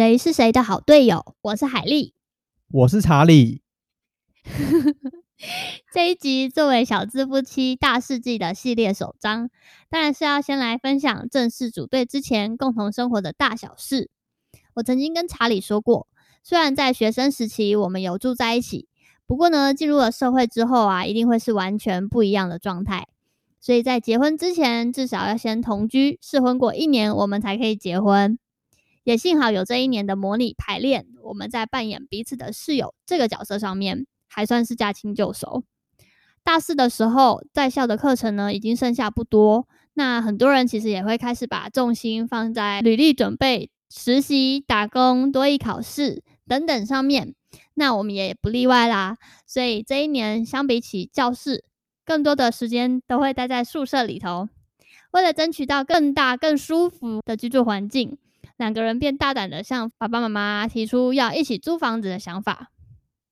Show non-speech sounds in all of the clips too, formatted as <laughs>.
誰是誰的好隊友？我是海莉，我是查理。 <laughs> 這一集作為《小資夫妻大事紀》的系列首章，當然是要先來分享正式組隊之前共同生活的大小事。我曾經跟查理說過，雖然在學生時期我們有住在一起，不過呢，進入了社會之後啊，一定會是完全不一樣的狀態。所以在結婚之前，至少要先同居試婚過一年，我們才可以結婚。也幸好有這一年的模擬排練，我們在扮演彼此的室友這個角色上面還算是駕輕就熟。大四的時候，在校的課程呢，已經剩下不多，那很多人其實也會開始把重心放在履歷準備、實習、打工、多益考試等等上面。那我們也不例外啦。所以這一年相比起教室，更多的時間都會待在宿舍裡頭，為了爭取到更大、更舒服的居住環境。兩個人便大膽的向爸爸媽媽提出要一起租房子的想法，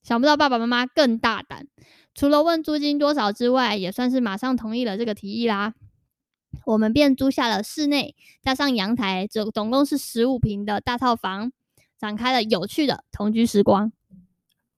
想不到爸爸媽媽更大膽，除了問租金多少之外，也算是馬上同意了這個提議啦。我們便租下了室內加上陽台，總總共是十五平的大套房，展開了有趣的同居時光。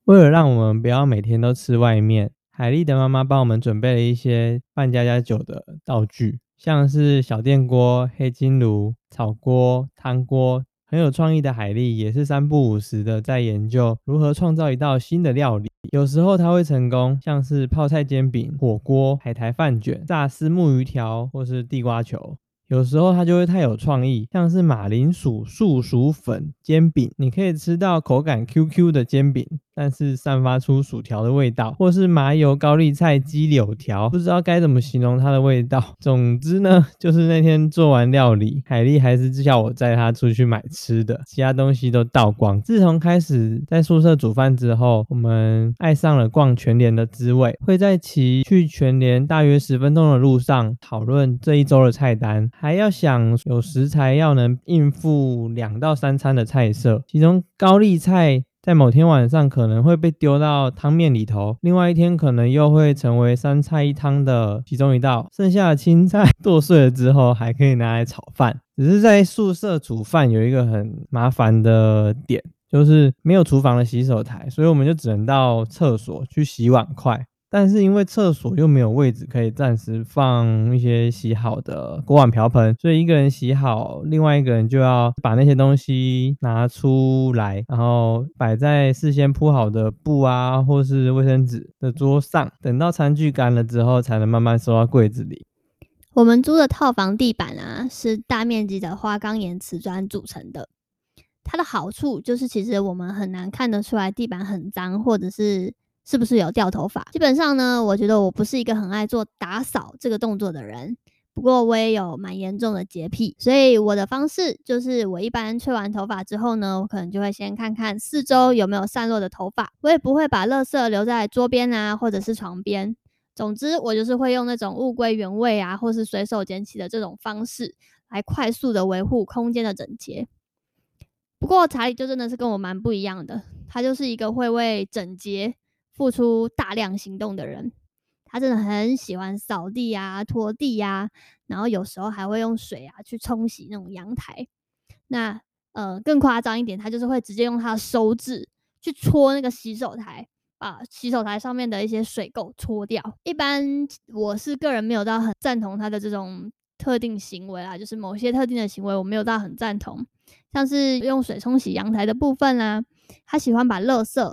為了讓我們不要每天都吃外面，海麗的媽媽幫我們準備了一些扮家家酒的道具。像是小電鍋、黑晶爐、炒鍋、湯鍋，很有創意的海麗也是三不五時的在研究如何創造一道新的料理。有時候它會成功，像是泡菜煎餅、火鍋、海苔飯卷、炸絲木魚條，或是地瓜球；有時候它就會太有創意，像是馬鈴薯素薯粉煎餅，你可以吃到口感 Q Q 的煎餅。但是散發出薯條的味道，或是麻油高麗菜雞柳條，不知道該怎麼形容它的味道。總之呢，就是那天做完料理，海麗還是叫我載她出去買吃的，其他東西都倒光。自從開始在宿舍煮飯之後，我們愛上了逛全聯的滋味，會在騎去全聯大約十分鐘的路上討論這一週的菜單，還要想有食材要能應付兩到三餐的菜色，其中高麗菜。在某天晚上可能會被丟到湯麵裡頭，另外一天可能又會成為三菜一湯的其中一道。剩下的青菜剁碎了之後，還可以拿來炒飯。只是在宿舍煮飯有一個很麻煩的點，就是沒有廚房的洗手台，所以我們就只能到廁所去洗碗筷。但是因為廁所又沒有位置可以暫時放一些洗好的鍋碗瓢盆，所以一個人洗好，另外一個人就要把那些東西拿出來，然後擺在事先鋪好的布啊或是衛生紙的桌上，等到餐具乾了之後，才能慢慢收到櫃子裡。我們租的套房地板啊，是大面積的花崗岩瓷磚組成的，它的好處就是其實我們很難看得出來地板很髒，或者是。是不是有掉頭髮？基本上呢，我覺得我不是一個很愛做打掃這個動作的人，不過我也有蠻嚴重的潔癖，所以我的方式就是我一般吹完頭髮之後呢，我可能就會先看看四周有沒有散落的頭髮，我也不會把垃圾留在桌邊啊或者是床邊。總之，我就是會用那種物歸原位啊，或是隨手撿起的這種方式，來快速的維護空間的整潔。不過查理就真的是跟我蠻不一樣的，他就是一個會為整潔。付出大量行動的人，他真的很喜歡掃地啊、拖地啊，然後有時候還會用水啊去沖洗那種陽台。那呃，更誇張一點，他就是會直接用他的手指去搓那個洗手台，把洗手台上面的一些水垢搓掉。一般我是個人沒有到很贊同他的這種特定行為啦，就是某些特定的行為我沒有到很贊同，像是用水沖洗陽台的部分啦、啊，他喜歡把垃圾。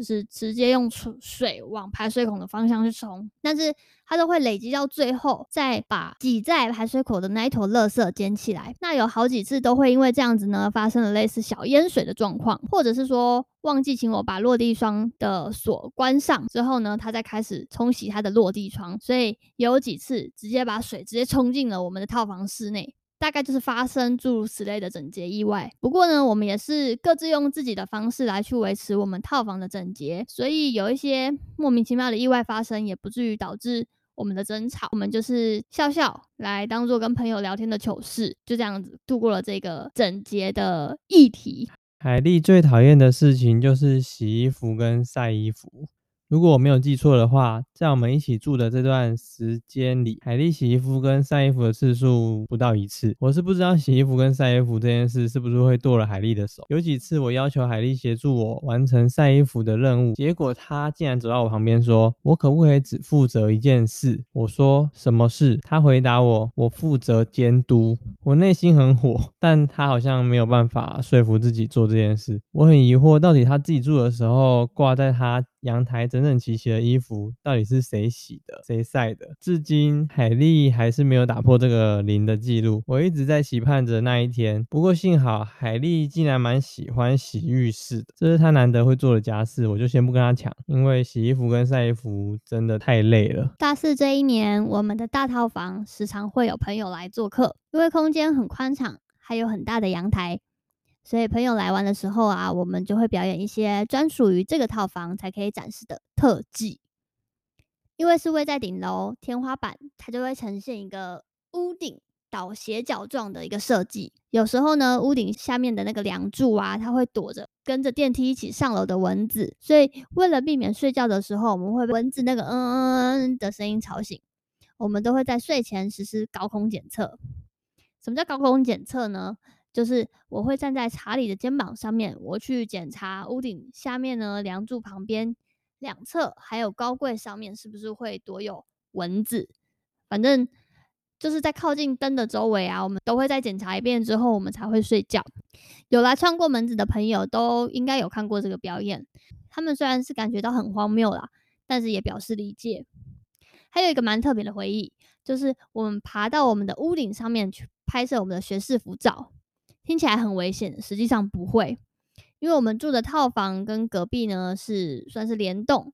就是直接用水往排水孔的方向去沖，但是它都會累積到最後，再把擠在排水口的那一坨垃圾撿起來。那有好幾次都會因為這樣子呢，發生了類似小淹水的狀況，或者是說忘記請我把落地窗的鎖關上之後呢，它再開始沖洗它的落地窗，所以有幾次直接把水直接沖進了我們的套房室內。大概就是發生諸如此類的整潔意外。不過呢，我們也是各自用自己的方式來去維持我們套房的整潔，所以有一些莫名其妙的意外發生，也不至於導致我們的爭吵。我們就是笑笑來當做跟朋友聊天的糗事，就這樣子度過了這個整潔的議題。海莉最討厭的事情就是洗衣服跟曬衣服。如果我沒有記錯的話，在我們一起住的這段時間裡，海莉洗衣服跟曬衣服的次數不到一次。我是不知道洗衣服跟曬衣服這件事是不是會剁了海莉的手。有幾次我要求海莉協助我完成曬衣服的任務，結果她竟然走到我旁邊說：“我可不可以只負責一件事？”我說：“什麼事？”她回答我：“我負責監督。”我內心很火，但她好像沒有辦法說服自己做這件事。我很疑惑，到底她自己住的時候掛在她。陽台整整齊齊的衣服，到底是誰洗的，誰曬的？至今海麗還是沒有打破這個零的記錄。我一直在期盼着那一天。不過幸好，海麗竟然蠻喜歡洗浴室的，這是她難得會做的家事，我就先不跟她搶，因為洗衣服跟曬衣服真的太累了。大四這一年，我們的大套房時常會有朋友來做客，因為空間很寬敞，還有很大的陽台。所以朋友來玩的時候啊，我們就會表演一些專屬於這個套房才可以展示的特技。因為是位在頂樓，天花板它就會呈現一個屋頂倒斜角狀的一個設計。有時候呢，屋頂下面的那個樑柱啊，它會躲着跟着電梯一起上樓的蚊子。所以為了避免睡覺的時候我們會被蚊子那個嗯嗯嗯的聲音吵醒，我們都會在睡前實施高空檢測。什麼叫高空檢測呢？就是我會站在查理的肩膀上面，我去檢查屋頂下面呢，樑柱旁邊、兩側，還有高櫃上面是不是會躲有蚊子。反正就是在靠近燈的周圍啊，我們都會再檢查一遍之後，我們才會睡覺。有來串過門子的朋友都應該有看過這個表演。他們雖然是感覺到很荒謬啦，但是也表示理解。還有一個蠻特別的回憶，就是我們爬到我們的屋頂上面去拍攝我們的學士服照。聽起來很危險，實際上不會，因為我們住的套房跟隔壁呢，是算是聯動，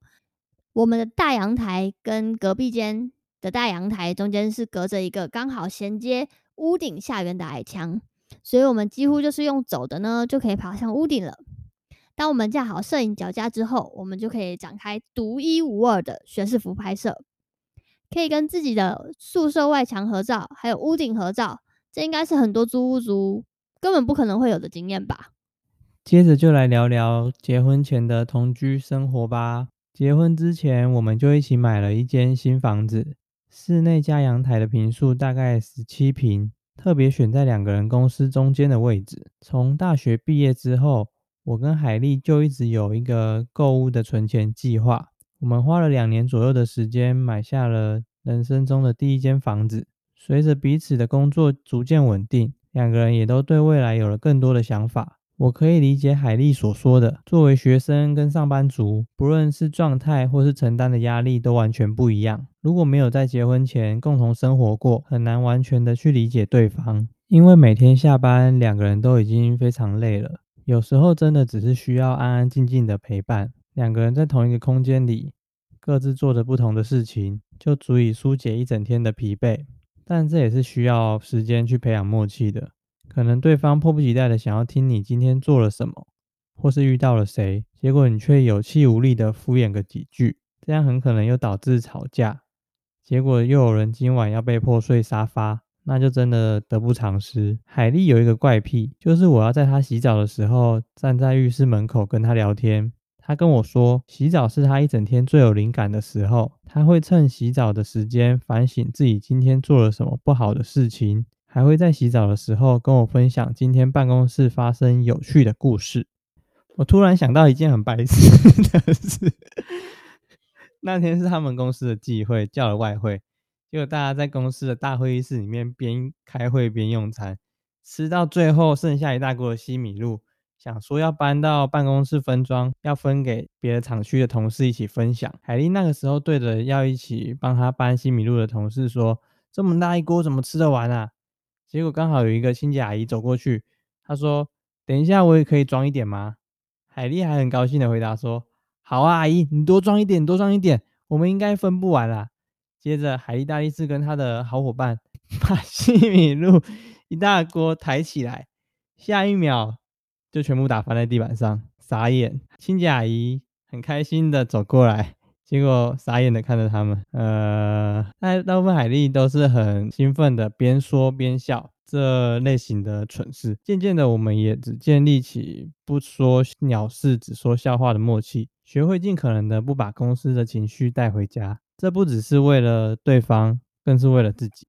我們的大陽台跟隔壁間的大陽台中間是隔着一個剛好銜接屋頂下緣的矮牆，所以我們幾乎就是用走的呢就可以爬上屋頂了。當我們架好攝影腳架之後，我們就可以展開獨一無二的學士服拍攝，可以跟自己的宿舍外牆合照，還有屋頂合照，這應該是很多租屋族，根本不可能會有的經驗吧。接着就來聊聊結婚前的同居生活吧。結婚之前，我們就一起買了一間新房子，室內加陽台的坪數大概十七坪，特別選在兩個人公司中間的位置。從大學畢業之後，我跟海麗就一直有一個購物的存錢計劃。我們花了兩年左右的時間，買下了人生中的第一間房子。隨着彼此的工作逐漸穩定。兩個人也都對未來有了更多的想法。我可以理解海麗所說的，作為學生跟上班族，不論是狀態或是承擔的壓力都完全不一樣。如果沒有在結婚前共同生活過，很難完全的去理解對方。因為每天下班，兩個人都已經非常累了，有時候真的只是需要安安靜靜的陪伴。兩個人在同一個空間裡，各自做着不同的事情，就足以疏解一整天的疲憊。但這也是需要時間去培養默契的。可能對方迫不及待的想要聽你今天做了什麼，或是遇到了誰，結果你卻有氣無力的敷衍個幾句，這樣很可能又導致吵架，結果又有人今晚要被迫睡沙發，那就真的得不償失。海莉有一個怪癖，就是我要在她洗澡的時候站在浴室門口跟她聊天。他跟我說，洗澡是他一整天最有靈感的時候。他會趁洗澡的時間反省自己今天做了什麼不好的事情，還會在洗澡的時候跟我分享今天辦公室發生有趣的故事。我突然想到一件很白痴的事， <laughs> <laughs> 那天是他們公司的聚會，叫了外賣，結果大家在公司的大會議室裡面邊開會邊用餐，吃到最後剩下一大鍋的西米露。想說要搬到辦公室分裝，要分給別的廠區的同事一起分享。海麗那個時候對着要一起幫他搬西米露的同事說：“這麼大一鍋怎麼吃得完啊？”結果剛好有一個清潔阿姨走過去，她說：“等一下，我也可以裝一點嗎？”海麗還很高興的回答說：“好啊，阿姨，你多裝一點，多裝一點，我們應該分不完啦。”接着海麗大力士跟他的好伙伴把西米露一大鍋抬起來，下一秒。就全部打翻在地板上，傻眼。親家阿姨很開心的走過來，結果傻眼的看着他們。呃，大部分海莉都是很興奮的，邊說邊笑。這類型的蠢事，漸漸的，我們也只建立起不說鳥事，只說笑話的默契，學會盡可能的不把公司的情緒帶回家。這不只是為了對方，更是為了自己。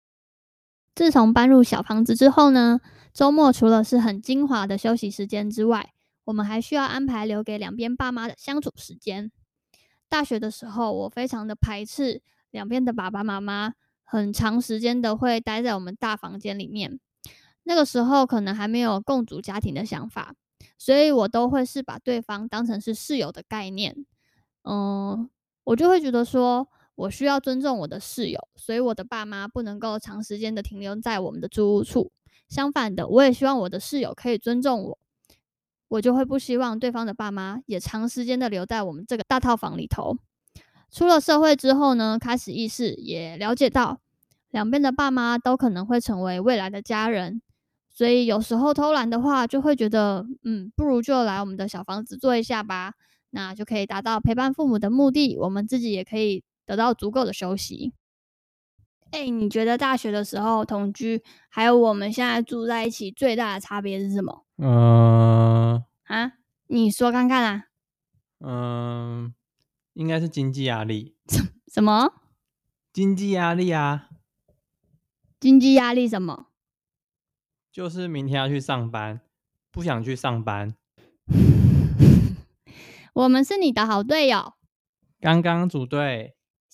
自從搬入小房子之後呢，周末除了是很精華的休息時間之外，我們還需要安排留給兩邊爸媽的相處時間。大學的時候，我非常的排斥兩邊的爸爸媽媽很長時間的會待在我們大房間裡面。那個時候可能還沒有共組家庭的想法，所以我都會是把對方當成是室友的概念。嗯，我就會覺得說。我需要尊重我的室友，所以我的爸媽不能夠長時間的停留在我們的租屋處。相反的，我也希望我的室友可以尊重我，我就會不希望對方的爸媽也長時間的留在我們這個大套房裡頭。出了社會之後呢，開始意識也了解到，兩邊的爸媽都可能會成為未來的家人，所以有時候偷懶的話，就會覺得，嗯，不如就來我們的小房子住一下吧，那就可以達到陪伴父母的目的。我們自己也可以，得到足夠的休息。哎、欸，你覺得大學的時候同居，還有我們現在住在一起，最大的差別是什麼？嗯、呃，啊，你說看看啦、啊。嗯、呃，應該是經濟壓力。什什麼？經濟壓力啊？經濟壓力什麼？就是明天要去上班，不想去上班。 <laughs> <laughs> 我們是你的好隊友。剛剛組隊。